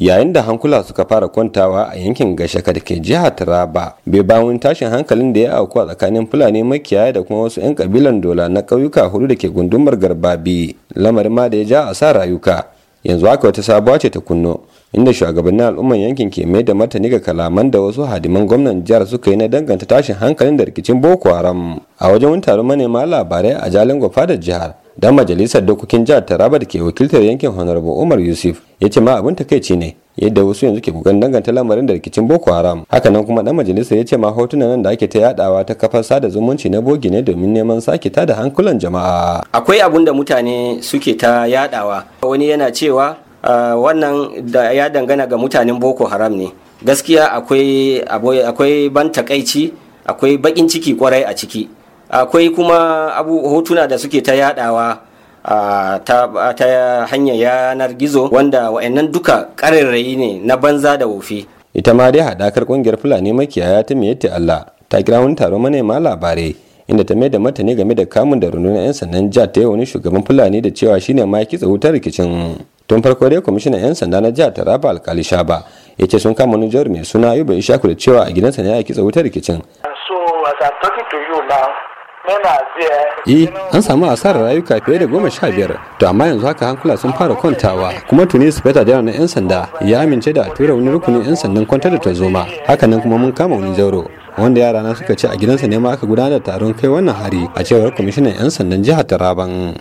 yayin da hankula suka fara kwantawa a yankin gashaka da ke jihar taraba bai bawon tashin hankalin da ya auku a tsakanin fulani makiyaya da kuma wasu 'yan kabilan dola na kauyuka hudu da ke gundumar garbabi lamarin ma da ya ja a sa rayuka yanzu haka wata sabuwa ce ta kunno inda shugabannin al'umman yankin ke mai da martani ga kalaman da wasu hadiman gwamnan jihar suka yi na danganta tashin hankalin da rikicin boko haram a wajen wani taron manema labarai a Jalingo fadar jihar dan majalisar dokokin jihar taraba da ke wakiltar yankin honorable umar yusuf ya ce ma abin takaici ne yadda wasu yanzu ke kokarin danganta lamarin da rikicin boko haram hakanan kuma dan majalisar ya ce ma hotunan nan da ake ta yadawa ta kafar sada zumunci na bogi ne domin neman sake da hankulan jama'a akwai abun da mutane suke ta yadawa wani yana cewa ah, wannan da ya dangana ga mutanen boko haram ne gaskiya akwai akwai ban takaici akwai bakin ciki kwarai a ciki akwai kuma abu hotuna da suke ta yadawa ta, hanyar yanar gizo wanda wa'annan duka ƙararrayi ne na banza da wofi. ita ma dai haɗakar ƙungiyar fulani makiyaya ta miyatti allah ta kira wani taron manema labarai inda ta maida martani game da kamun da rundunar 'yan sandan jihar ta yi wani shugaban fulani da cewa shine ma kitsa wutar rikicin tun farko dai kwamishina 'yan sanda na jihar raba alkali shaba ya ce sun kama wani jihar mai suna ayuba ishaku da cewa a gidansa ne ya kitsa wutar rikicin. Eh, eh, an samu asarar rayuka fiye da goma sha biyar. To amma yanzu haka hankula sun fara kwantawa. Kuma tuni sufeta jana na 'yan sanda ya amince da tura wani rukunin 'yan sandan kwantar da tarzoma. Hakanan kuma mun kama wani zauro. Wanda yara na suka ce a gidansa ne ma aka gudanar da taron kai wannan hari a cewar kwamishinan 'yan sandan jihar Taraban.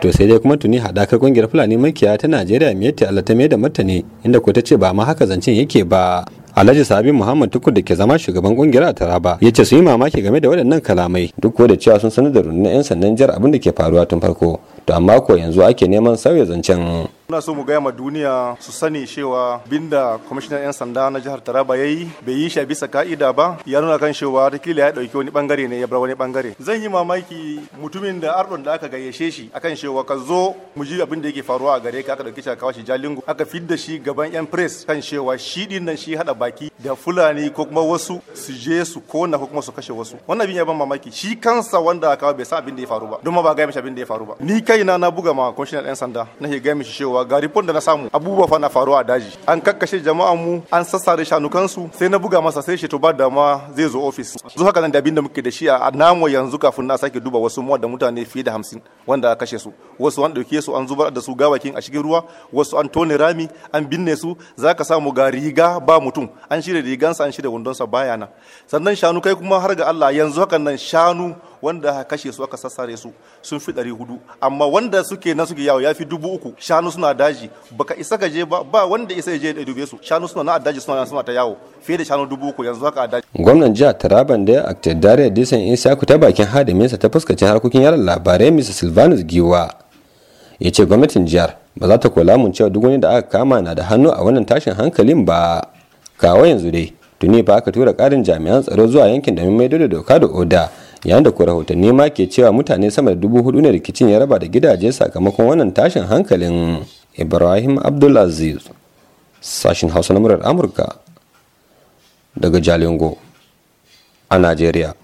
to sai dai kuma tuni haɗakar ƙungiyar fulani makiya ta najeriya miyetti allah ta mai da martani inda ko ta ce ba ma haka zancen yake ba Alhaji Sabi Muhammad Tuku da ke zama shugaban kungiyar a Taraba ya ce su yi mamaki game da waɗannan kalamai duk da cewa sun sanar da rundunar 'yan sandan jihar abin da ke faruwa tun farko to amma ko yanzu ake neman sauya zancen. muna so mu gaya ma duniya su sani cewa binda kwamishinan 'yan sanda na jihar taraba ya yi bai yi shi a bisa ka'ida ba ya nuna kan cewa watakila ya dauki wani bangare ne ya bar wani bangare zan yi mamaki mutumin da ardon da aka gayyace shi akan cewa ka zo mu ji abin da yake faruwa a gare ka aka dauki shi aka kawo shi jalingo aka fidda shi gaban 'yan press kan cewa shi din nan shi hada baki da fulani ko kuma wasu su je su kona ko kuma su kashe wasu wannan abin ya ban mamaki shi kansa wanda aka bai sa abin da ya faru ba don ma ba ga mishi abin da ya faru ba ni kaina na buga ma kwamishinan 'yan sanda na ke gaya mishi cewa cewa ga ripon da na samu abubuwa fa na faruwa a daji an kakkashe jama'an mu an sassare kansu. sai na buga masa sai shi to ba da ma zai zo ofis zo haka nan da abin da muke da shi a namo yanzu kafin na sake duba wasu mu da mutane fiye da hamsin wanda aka kashe su wasu an dauke su an zubar da su gawakin a cikin ruwa wasu an tone rami an binne su zaka samu ga riga ba mutum an shirya rigansa an shirya wundonsa baya na sannan shanu kai kuma har ga Allah yanzu haka nan shanu wanda aka kashe su aka sassare su sun fi ɗari hudu amma wanda suke nan suke yawo ya fi dubu uku shanu suna daji baka isa ka je ba ba wanda isa je da dube su shanu suna na daji suna suna ta yawo fiye da shanu dubu uku yanzu haka a daji. gwamnan jihar taraban da aktar dare disan ku ta bakin hadiminsa ta fuskacin harkokin yaran labarai mr silvanus giwa ya ce gwamnatin jihar ba za ta kula mun cewa duk wani da aka kama na da hannu a wannan tashin hankalin ba kawo yanzu dai tuni fa aka tura karin jami'an tsaro zuwa yankin da mai da doka da oda yayin da ko rahotanni ma ke cewa mutane sama da dubu hudu ne rikicin ya raba da gidaje sakamakon wannan tashin hankalin ibrahim abdulaziz sashen hausa na murar amurka daga jalingo a najeriya